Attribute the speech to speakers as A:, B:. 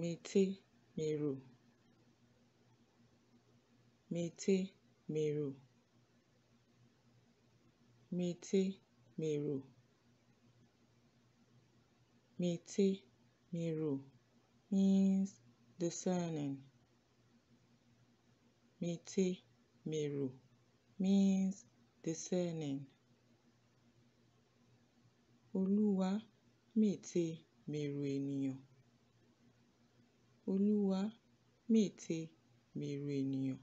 A: mete mero mete mero mete mero mete mero means discerning mete mero means discerning Olúwa mète mèrò ènìyàn Olúwa, mì te, mèrù ènìyàn.